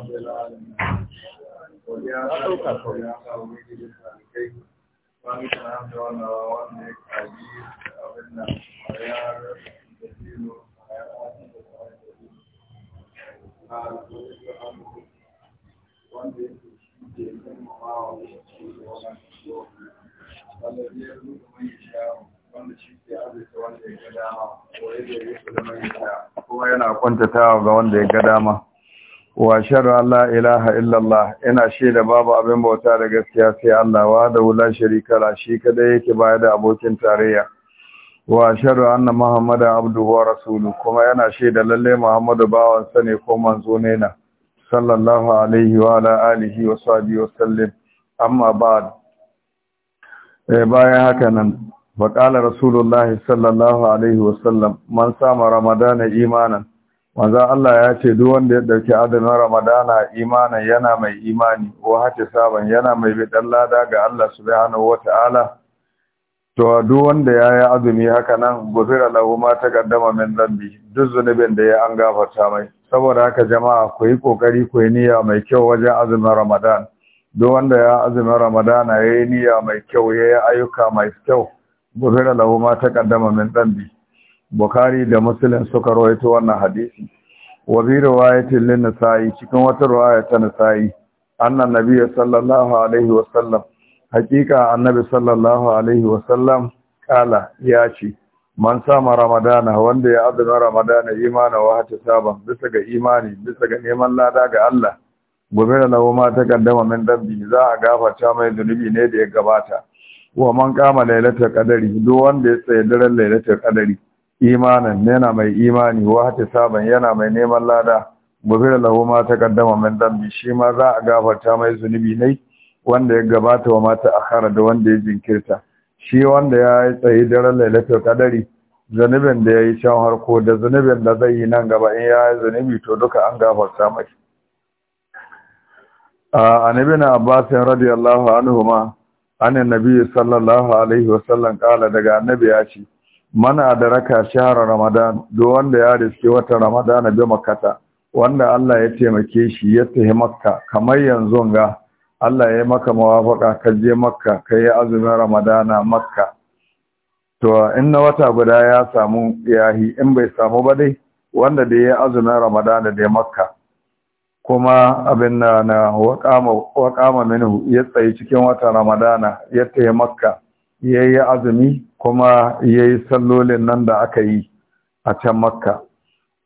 wanda ya ga dama yana kwantatawa ga wanda ya ga dama wa sharu Allah ilaha illallah ina shaida babu abin bauta da gaskiya sai Allah wa da wula sharika shi kada yake baya da abokin tarayya wa sharu anna muhammada abduhu wa rasuluhu kuma yana shaida lalle muhammadu bawan sa ne ko manzo ne na sallallahu alaihi wa ala alihi wa sahbihi wa sallam amma ba'd eh baya haka nan wa qala rasulullahi sallallahu alaihi wa sallam man sama ramadana imanan manzan Allah ya ce duk wanda ya ɗauki azumin Ramadana imana yana mai imani ko hace saban yana mai bidan lada ga Allah subhanahu wataala to duk wanda ya yi azumi haka nan gufira lahu ma gaddama min zambi duk zunubin da ya an gafarta mai saboda haka jama'a ku yi kokari ku yi niyya mai kyau wajen azumin Ramadan duk wanda ya azumin Ramadana ya yi niyya mai kyau ya yi ayyuka mai kyau gufira lahu ma gaddama min zambi bukhari da muslim suka rawaito wannan hadisi wa bi riwayatin lin nasa'i cikin wata riwaya ta nasa'i annan nabi sallallahu alaihi wa sallam hakika annabi sallallahu alaihi wa sallam kala ya ce man sama ramadana wanda ya azumi ramadana imana wa hata saban bisa ga imani bisa ga neman lada ga Allah gobe da lawo ma ta kaddama min dabbi za a gafarta mai zunubi ne da ya gabata wa man kama lailatul qadari duk wanda ya tsaya daren lailatul qadari imanan yana mai imani wa saban yana mai neman lada gobir lahu ma taqaddama min dambi shi ma za a gafarta mai zunubi ne wanda ya gabata wa mata akhara da wanda ya jinkirta shi wanda ya yi tsayi daren lailatul qadari zunubin da ya yi can harko da zunubin da zai yi nan gaba in ya yi zunubi to duka an gafarta mai a annabi abbasin radiyallahu anhu ma nabi sallallahu alaihi wasallam kala daga annabi ya ce mana da raka shahar ramadan duk wanda ya riske wata ramadan da makata wanda Allah ya taimake shi ya tahi makka kamar yanzu ga Allah ya maka mawafaka ka je makka ka yi azumin ramadana makka to inna wata guda ya samu yahi in bai samu ba dai wanda da ya azumin ramadana da makka kuma abin na na waqama minhu ya tsayi cikin wata ramadana ya tahi makka ya azumi kuma ya yi sallolin nan da aka yi a can makka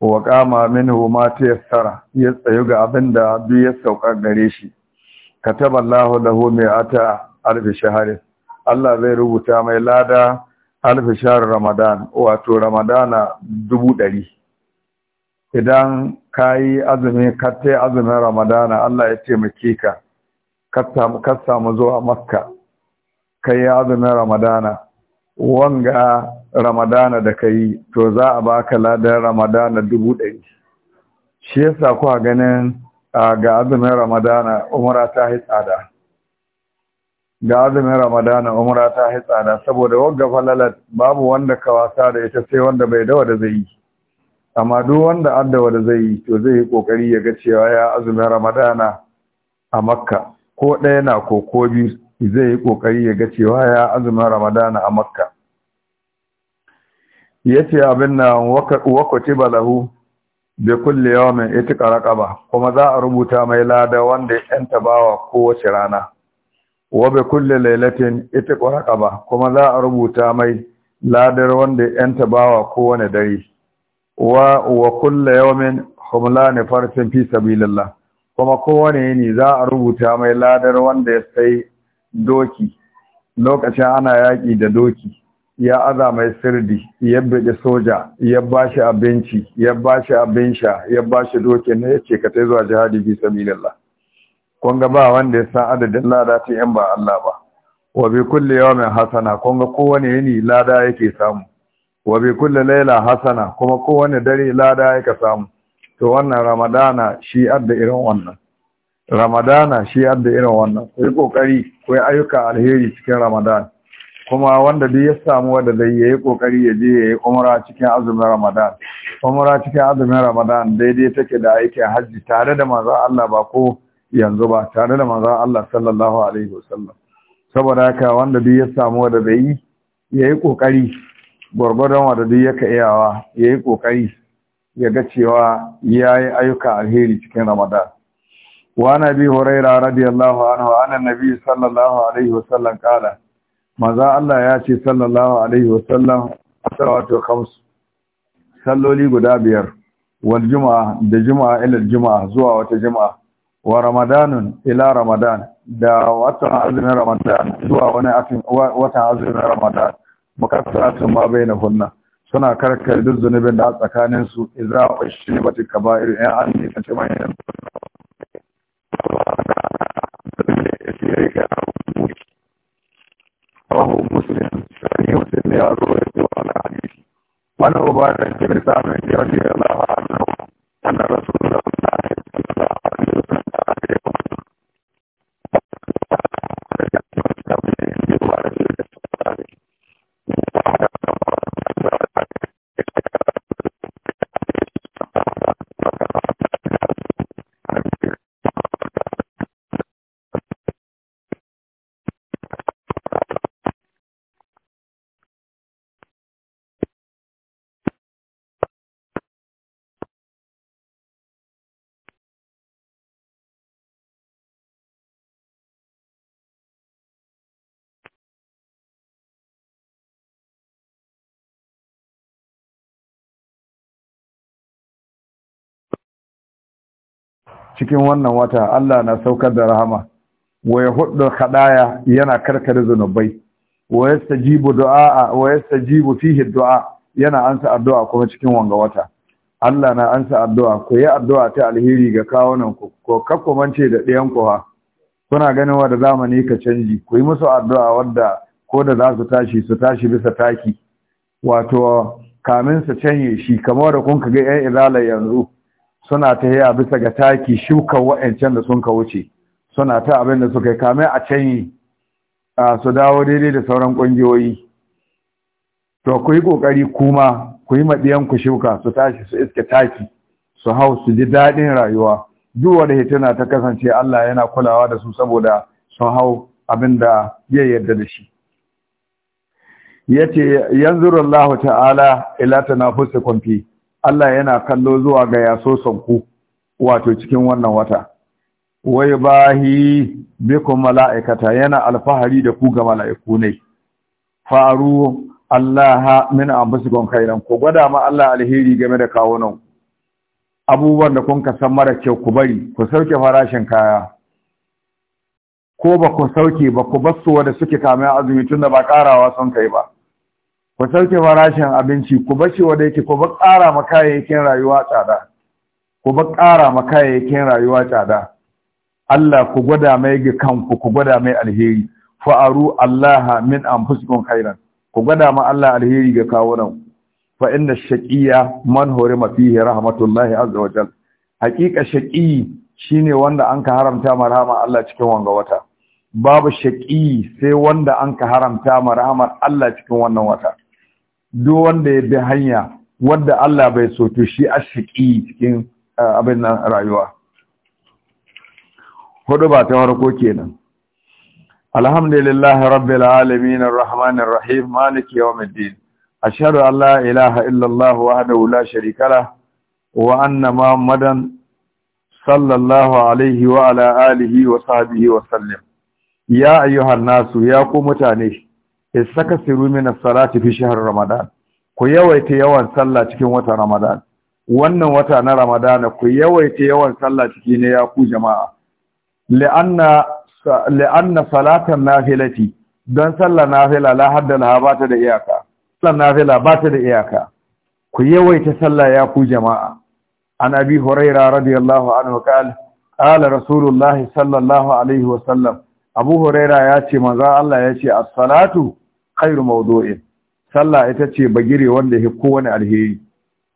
wa kama minhu ma yassara ya tsayu ga abin da duk ya sauka gare shi kataba Allahu lahu ata alf shahr Allah zai rubuta mai lada alf shahr Ramadan wato Ramadana dubu ɗari idan kayi azumi ka azumin Ramadana Allah ya taimake ka ka samu zuwa Makka kai azumin Ramadana wanga ramadana da kai to za a baka ladan ramadana dubu ɗari shi yasa kuwa ganin ga azumin ramadana umara ta yi tsada ga azumin ramadana umara ta yi tsada saboda wagga falalat babu wanda ka wasa da ita sai wanda bai dawa da zai yi amma duk wanda addawa da zai yi to zai yi kokari ya ga cewa ya azumin ramadana a makka ko ɗaya na ko ko biyu zai yi kokari ya ga cewa ya azumin ramadana a makka ya ce abin na wakati balahu da kulle ita itika raqaba kuma za a rubuta mai lada wanda ya tabawa kowace rana wa bi kulli lailatin itika raqaba kuma za a rubuta mai ladar wanda ya tabawa kowane dare wa wa kulli yawmin humlan farsin fi sabilillah kuma kowane yini za a rubuta mai ladar wanda ya sai doki lokacin ana yaƙi da doki ya aza mai sirdi ya buɗe soja ya ba shi abinci ya ba shi abin sha ya ba shi doki na ya ce ka ta zuwa jihadi bi sabilillah kun ga ba wanda ya san adadin lada ta yan ba Allah ba wa bi kulli yawmin hasana kun ga kowane yini lada yake samu wa bi kulli laila hasana kuma kowane dare lada yake samu to wannan ramadana shi adda irin wannan ramadana shi yadda irin wannan ku yi kokari ku ayyuka alheri cikin ramadan kuma wanda duk ya samu wanda zai ya yi kokari ya je ya yi umra cikin azumin ramadan umra cikin azumin ramadan daidai take da aikin hajji tare da manzo Allah ba ko yanzu ba tare da manzo Allah sallallahu alaihi wasallam saboda haka wanda duk ya samu wanda zai yi yayi kokari gurgurdan wanda duk yaka iyawa yayi yi kokari ya ga cewa yayi ayyuka alheri cikin ramadan وعن ابي هريره رضي الله عنه عن النبي صلى الله عليه وسلم قال ماذا الله ياتي صلى الله عليه وسلم صلوات خمس salloli guda biyar wal juma'a da juma'a ila juma'a zuwa wata juma'a wa ramadanun ila ramadan da watan azumin ramadan zuwa wani watan azumin ramadan mukaffaratun ma bainahunna suna karkar duk zunubin da a tsakanin su idza ushribat kaba'ir ya an ne kace manyan Wannan ubatan kirista mai jirgin yana hannu, wannan rasu da wannan haifin da cikin wannan wata Allah na saukar da rahama wa yahuddu khadaya yana karkare zunubai wa yastajibu du'a wa yastajibu fihi du'a yana ansa addu'a kuma cikin wanga wata Allah na ansa addu'a ku yi addu'a ta alheri ga kawunan ku ko kakku mance da ɗayan ku ha kuna ganin wa da zamani ka canji ku yi musu addu'a wadda ko da za su tashi su tashi bisa taki wato kamin su canye shi kamar da kun ga 'yan izala yanzu suna ta yi bisa ga taki shuka wa'ancan da sun ka wuce suna ta abin da suka yi kame a can canyi su dawo daidai da sauran ƙungiyoyi to ku yi ƙoƙari kuma ku yi ku shuka su tashi su iske taki su hau su ji daɗin rayuwa duk wanda hituna ta kasance Allah yana kulawa da su saboda sun hau abin da ya yarda da shi yace yanzuru Allah ta'ala ila tanafusikum fi Allah yana kallo zuwa ga yaso sanku wato cikin wannan wata wai bahi bikum mala'ikata yana alfahari da ku ga mala'iku ne faru Allah min anfusikum khairan ku gwada ma Allah alheri game da kawunan abubuwan da kun san mara kyau ku bari ku sauke farashin kaya ko ba ku sauke ba ku basu wanda suke kamar azumi tunda ba karawa sun kai ba ku sauke farashin abinci ku bashi wanda yake ku ba ƙara ma kayayyakin rayuwa tsada ku ba ƙara ma kayayyakin rayuwa tsada Allah ku gwada mai ga kanku ku gwada mai alheri fa'aru Allah min anfusikum khairan ku gwada ma Allah alheri ga kawunan fa inna shaqiya man hurima fihi rahmatullahi azza wa jalla haqiqa shaqi shine wanda anka haramta ma rahama Allah cikin wanga wata babu shaqi sai wanda anka haramta ma rahama Allah cikin wannan wata duk wanda ya bi hanya wanda Allah bai so to shi ashiki cikin abin nan rayuwa hudu ba ta farko kenan alhamdulillah rabbil alamin arrahmanir rahim maliki yawmiddin ashhadu an la ilaha illa allah wahdahu la sharika lah wa anna muhammadan sallallahu alaihi wa ala alihi wa sahbihi wa sallam ya ayyuhan nasu ya ku mutane saka siru mina salati fi shahar ramadan ku yawaita yawan sallah cikin wata ramadan wannan wata na ramadan ku yawaita yawan sallah ciki ne ya ku jama'a li'anna li'anna salatan nafilati dan sallah nafila la hadda la ba ta da iyaka sallah nafila ba ta da iyaka ku yawaita sallah ya ku jama'a an abi huraira radiyallahu anhu qala qala rasulullahi sallallahu alaihi wasallam abu huraira ya ce manzo Allah ya ce as-salatu khairu mawdu'in sallah ita ce bagire wanda ya kowane alheri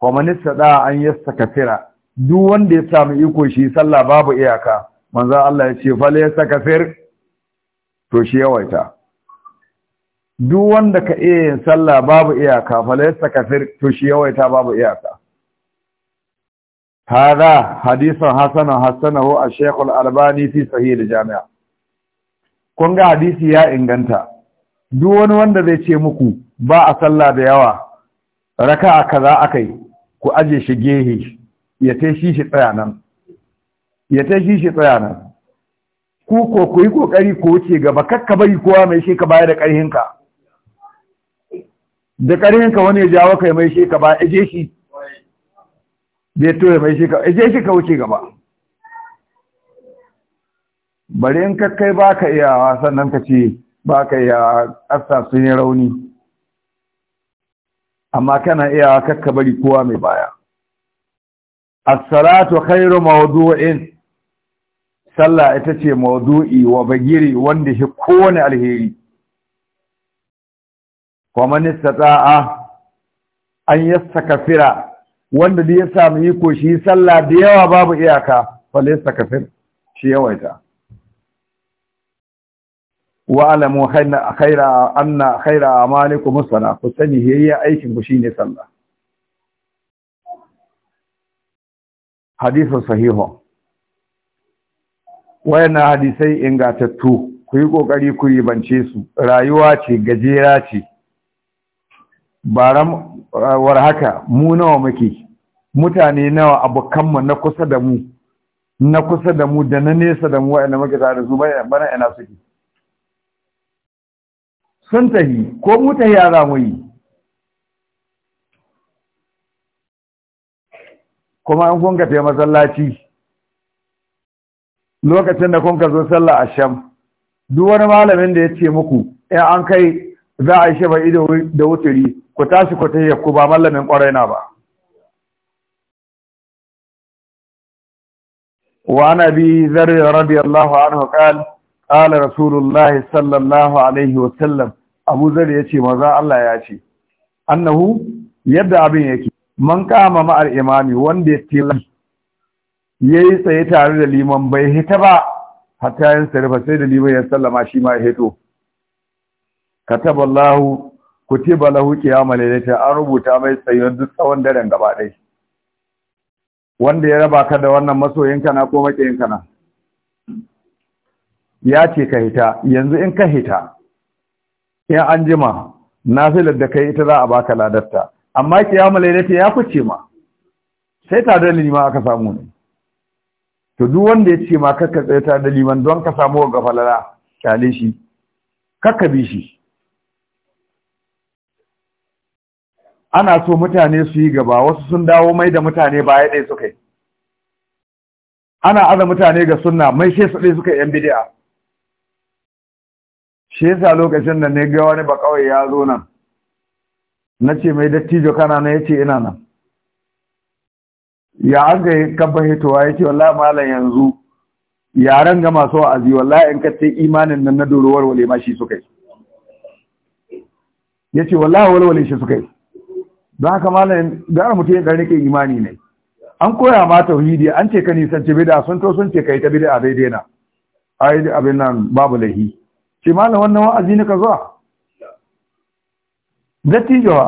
wa man da an kafira. duk wanda ya samu iko shi sallah babu iyaka manzo Allah ya ce fal yasta kafir to shi yawaita duk wanda ka iya yin sallah babu iyaka fal yasta kafir to shi yawaita babu iyaka hasanahu al حسن al Albani fi sahih al-jami' kun ga hadisi ya inganta duk wani wanda zai ce muku ba a sallah da yawa a kaza akai ku aje shi gehe ya ta shi shi tsaya nan ya ta shi shi tsaya nan ku ko ku yi kokari ko wuce gaba kakka bari kowa mai shi ka baya da ƙarhinka da ƙarhinka wani ya jawo kai mai shi ka ya aje shi bai to mai shi ka aje shi ka wuce gaba bari in kakkai ba ka iyawa sannan ka ce ba ka ya ƙasa sun rauni amma kana iya kakka bari kowa mai baya Asalatu khairu mawdu'in sallah ita ce mawdu'i wa bagiri wanda shi kowane alheri wa man istata'a an kafira, wanda da ya samu iko shi sallah da yawa babu iyaka falle laysa kafir shi yawaita wa’alamu alamu khaira anna khaira amalikum musana ku sani yayya aikin ku shine sallah hadisun sahihu wayannan hadisai ingatattu ku yi ƙoƙari ku ribance su rayuwa ce gajera ce baram war haka mu nawa muke mutane nawa abokanmu na kusa da mu na kusa da mu da na nesa da mu wa'anda muke tare da su bana ina suke sun tahi ko mu ya za mu yi kuma an kun tafi masallaci lokacin da kun ka zo sallah Ash-sham, duk wani malamin da ya ce muku in an kai za a yi ido da wuturi ku tashi ku tahiya ku ba mallamin kwarai na ba وعن أبي ذر رضي الله عنه قال قال رسول الله صلى الله عليه وسلم abu zar ya ce maza Allah ya ce annahu yadda abin yake man kama ma'ar imami wanda ya tila ya yi tsaye tare da liman bai hita ba hatta yin sarrafa sai da liman ya sallama shi ma ya hito kataballahu kutiba lahu qiyama laylatin an rubuta mai tsayuwar duk tsawon daren gaba ɗaya wanda ya raba ka da wannan masoyinka na ko makiyinka na ya ce ka hita yanzu in ka hita in an jima nafilar da kai ita za a baka ladarta amma kiyama lailata ya fice ma sai ta da aka samu ne to duk wanda ya ce ma karka tsaye ta da liman don ka samu ga falala kyale shi Karka bi shi ana so mutane su yi gaba wasu sun dawo mai da mutane baya ɗaya suka yi ana aza mutane ga sunna mai shi su ɗaya suka yi yan bidi'a shi yasa lokacin da ne ga wani ba kawai ya zo nan na ce mai dattijo kana na ya ce ina nan ya an ga kabba hitowa ya ce wallahi malam yanzu Yaren ga masu wa'azi wallahi in ka sai imanin nan na dorowar wale ma shi suka yi ya ce wallahi walwale shi suka yi don haka malam gara mutum ya rike imani ne an koya ma tauhidi an ce ka ce bida sun to sun ce ka yi ta bida a daidai na abin nan babu lahi ce ma wannan wa'azi ne ka zuwa jawa,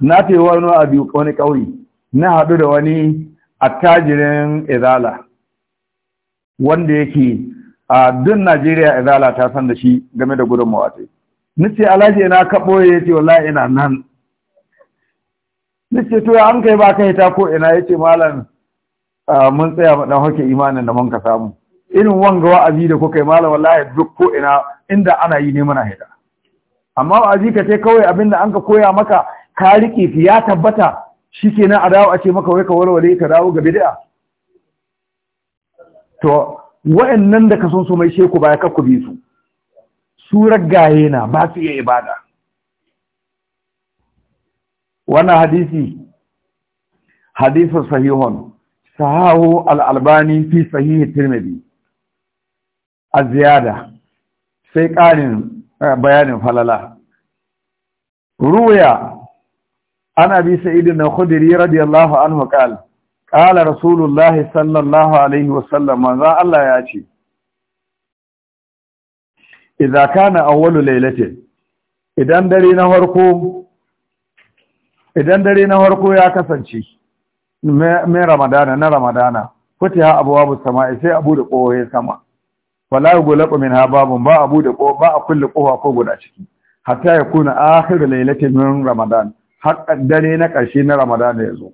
na ta yi wani wa'azi wani ƙauye na haɗu da wani attajirin izala wanda yake a dun najeriya izala ta san da shi game da gudun mawatai nace alhaji ina ka ɓoye ya ce wala ina nan nace to an kai ba kai ta ko ina ya ce malam mun tsaya maɗan ɗan hake imanin da mun ka samu irin wanga wa'azi da kuka yi malam wallahi duk ko ina inda ana yi ne muna haida amma wa'azi ka ce kawai abinda an ka koya maka ka rike shi ya tabbata shikenan a dawo a ce maka wai ka warware ka dawo ga bid'a to wa'annan da ka san su mai sheku baya ka ku bi su su raggaye na ba su iya ibada wannan hadisi hadisin sahihun sahahu al-albani fi sahih tirmidhi a ziyada sai ƙarin eh, bayanin falala ruya ana abi sa'idin na khudiri radiyallahu anhu qala ƙala rasulullahi sallallahu alaihi wasallam manzan Allah ya ce idza kana awwalu laylatin idan dare na harko, idan dare na harko ya kasance mai ramadana na ramadana abuwa bu sama'i sai abu da kohoye sama wala yughlaqu minha babun ba abu da ba a kulle kofa ko guda ciki hatta ya kuna akhir laylatin min ramadan har dare na ƙarshe na ramadan ya zo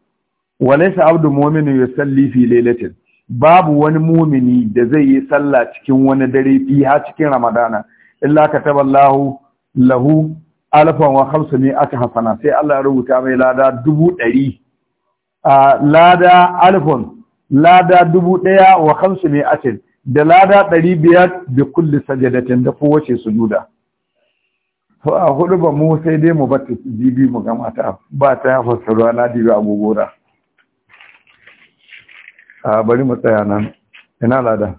walaysa abdu ya yusalli fi babu wani mumini da zai yi sallah cikin wani dare fi ha cikin ramadana illa taɓa lahu alfan wa aka hasana sai Allah ya rubuta mai lada dubu ɗari ah, lada alfan lada dubu ɗaya wa khamsumi atin da lada ɗari biyar da kulle sajadatin da kowace su juda. to a hudu ba mu sai dai mu bata jibi mu gama ta ba ta ya fassara na dibi agogora a bari mu tsaya nan ina lada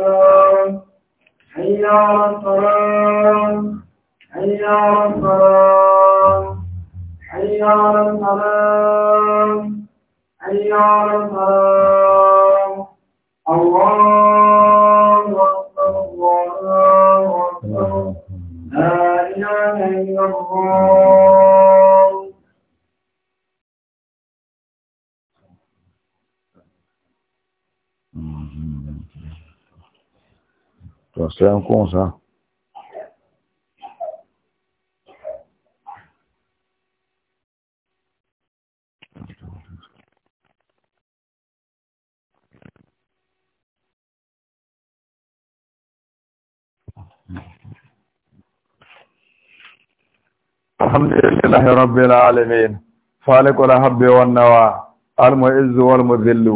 حي على الصلاة حي على الصلاة حي على الصلاة حي على الصلاة الله أكبر الله أكبر لا إله إلا الله Concerne comme ça. الحمد لله رب العالمين خالق الحب والنوى المعز والمذل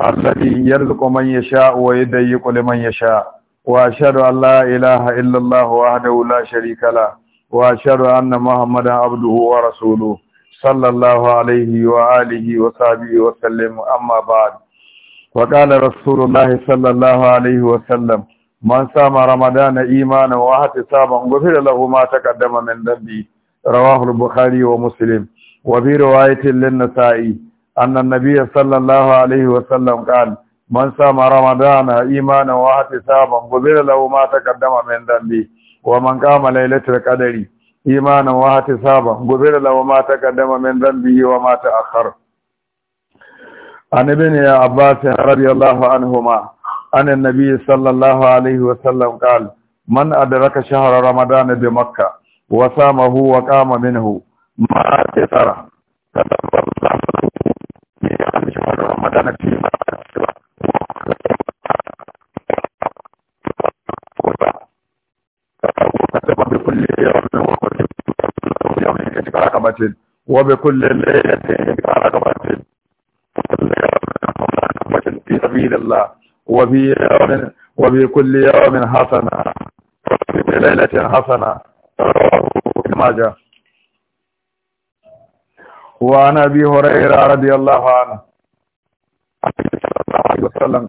الذي يرزق من يشاء ويضيق لمن يشاء وأشهد أن لا إله إلا الله وحده لا شريك له وأشهد أن محمدا عبده ورسوله صلى الله عليه وآله وصحبه وسلم أما بعد وقال رسول الله صلى الله عليه وسلم من صام رمضان إيمانا واحتسابا غفر له ما تقدم من ذنبه رواه البخاري ومسلم وفي رواية للنسائي أن النبي صلى الله عليه وسلم قال من صام رمضان ايمانا واحتسابا غفر له ما تقدم من ذنبه ومن قام ليلة القدر ايمانا واحتسابا غفر له ما تقدم من ذنبه وما تأخر عن ابن عباس رضي الله عنهما عن النبي صلى الله عليه وسلم قال من أدرك شهر رمضان بمكة وصامه وقام منه ما تترى تدبر الله شهر رمضان في مكة وكتب بكل يوم رقبة وبكل ليلة رقبة في سبيل الله وفي يوم وفي كل يوم حسنة وفي ليلة حسنة ماجه وعن ابي هريره رضي الله عنه صلى الله عليه وسلم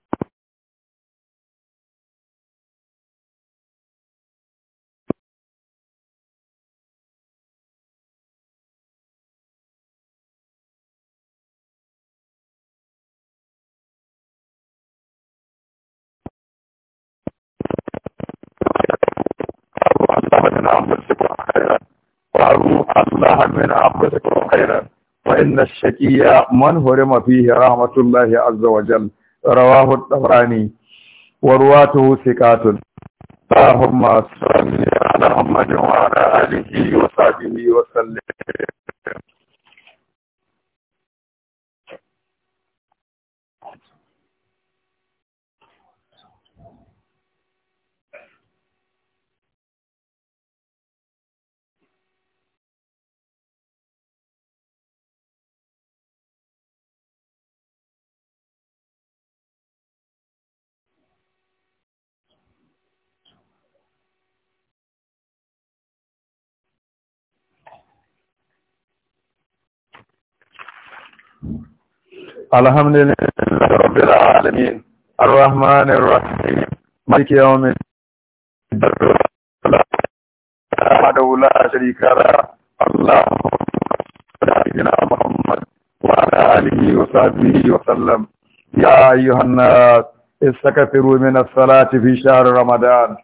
ma'ruf allaha min abdikum khairan wa inna ash-shakiyya man hurima rahmatullahi azza wa jal rawahu at-tabrani wa ruwatuhu thiqatun اللهم صل على محمد وعلى اله وصحبه وسلم الحمد لله رب العالمين الرحمن الرحيم مالك يوم الدين لا شريك له اللهم صل على محمد وعلى اله وصحبه وسلم يا ايها الناس استكثروا من الصلاه في شهر رمضان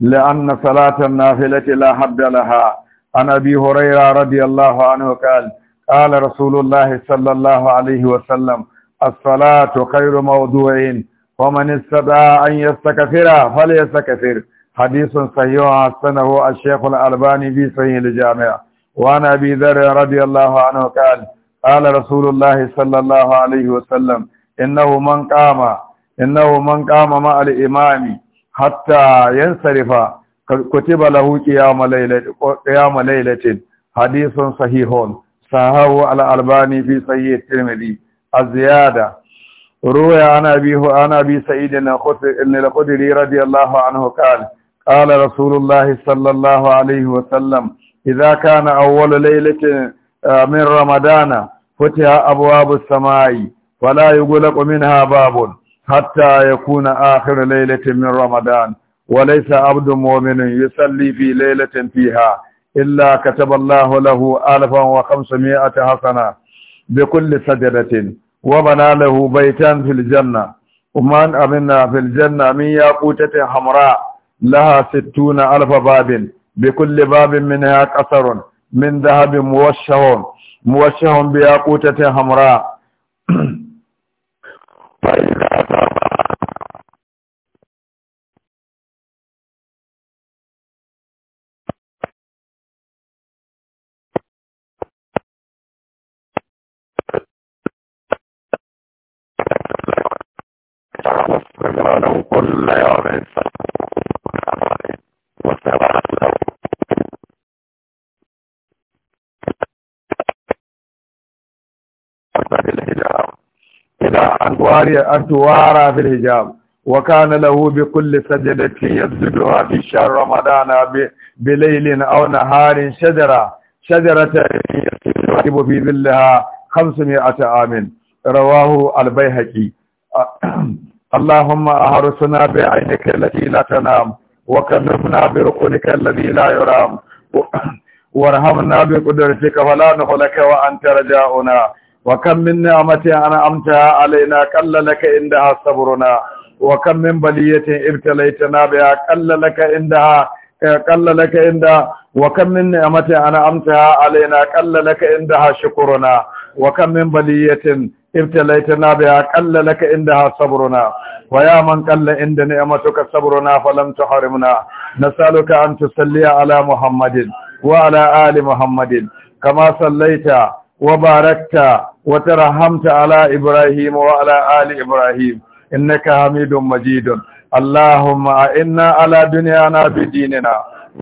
لان صلاه النافله لا حد لها عن ابي هريره رضي الله عنه قال قال رسول الله صلى الله عليه وسلم الصلاة خير موضوع ومن استطاع أن يستكثر فليستكثر حديث صحيح حسنه الشيخ الألباني في صحيح الجامع وعن أبي ذر رضي الله عنه قال قال رسول الله صلى الله عليه وسلم إنه من قام إنه من قام مع الإمام حتى ينصرف كتب له قيام ليلة قيام ليلة حديث صحيح على الباني في صحيح الترمذي الزيادة روي عن أبي عن أبي سعيد أن القدري رضي الله عنه قال قال رسول الله صلى الله عليه وسلم إذا كان أول ليلة آه، من رمضان فتح أبواب السماء ولا يغلق منها باب حتى يكون آخر ليلة من رمضان وليس عبد مؤمن يصلي في ليلة فيها إلا كتب الله له آلفا وخمسمائة حسنة بكل سجدة وبنى له بيتا في الجنة ومن أمنا في الجنة من ياقوتة حمراء لها ستون ألف باب بكل باب منها قصر من ذهب موشه موشه بياقوتة حمراء فإذا تعرف في الحجاب وكان له بكل سجدة يسجدها في شهر رمضان بليل أو نهار شجرة شجرة يكتب في ظلها 500 عام رواه البيهقي اللهم أهرسنا بعينك التي لا تنام وكلفنا برقلك الذي لا يرام وارحمنا بقدرتك فلا نخلك وأنت رجاؤنا وكم من نعمة أنا أمتها علينا قل لك عندها صبرنا وكم من بلية ابتليتنا بها قل لك عندها قل لك عندها وكم من نعمة أنا أمتها علينا قل لك عندها شكرنا وكم من بلية ابتليتنا بها قل لك عندها صبرنا ويا من قل عند نعمتك صبرنا فلم تحرمنا نسألك أن تصلي على محمد وعلى آل محمد كما صليت وباركت وترحمت على إبراهيم وعلى آل إبراهيم إنك حميد مجيد اللهم إنا على دنيانا بديننا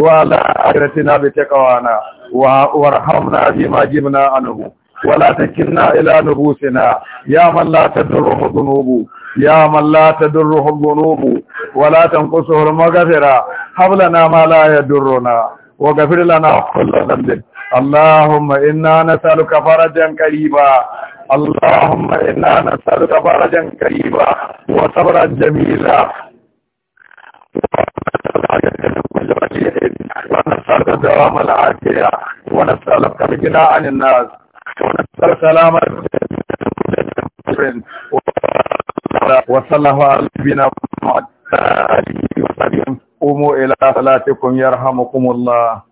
وعلى آخرتنا بتقوانا وارحمنا بما جبنا عنه ولا تكلنا إلى نفوسنا يا من لا تدره الذنوب يا من لا تدره الذنوب ولا تنقصه المغفرة هب لنا ما لا يدرنا وغفر لنا كل ذنب اللهم إنا نسألك فرجا قريبا اللهم إنا نسألك فرجا قريبا وصبرا جميلا ونسألك دوام العافية ونسألك الغنى عن الناس السلام عليكم وصلى الله على نبينا محمد قوموا إلى صلاتكم يرحمكم الله